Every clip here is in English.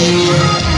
Thank you.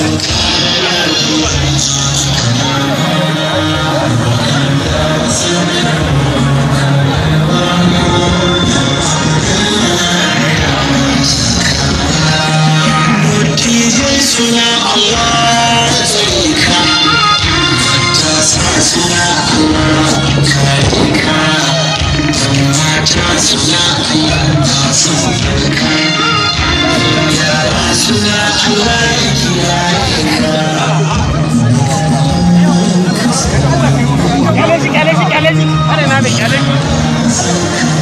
Thank you. I didn't have it, allergic.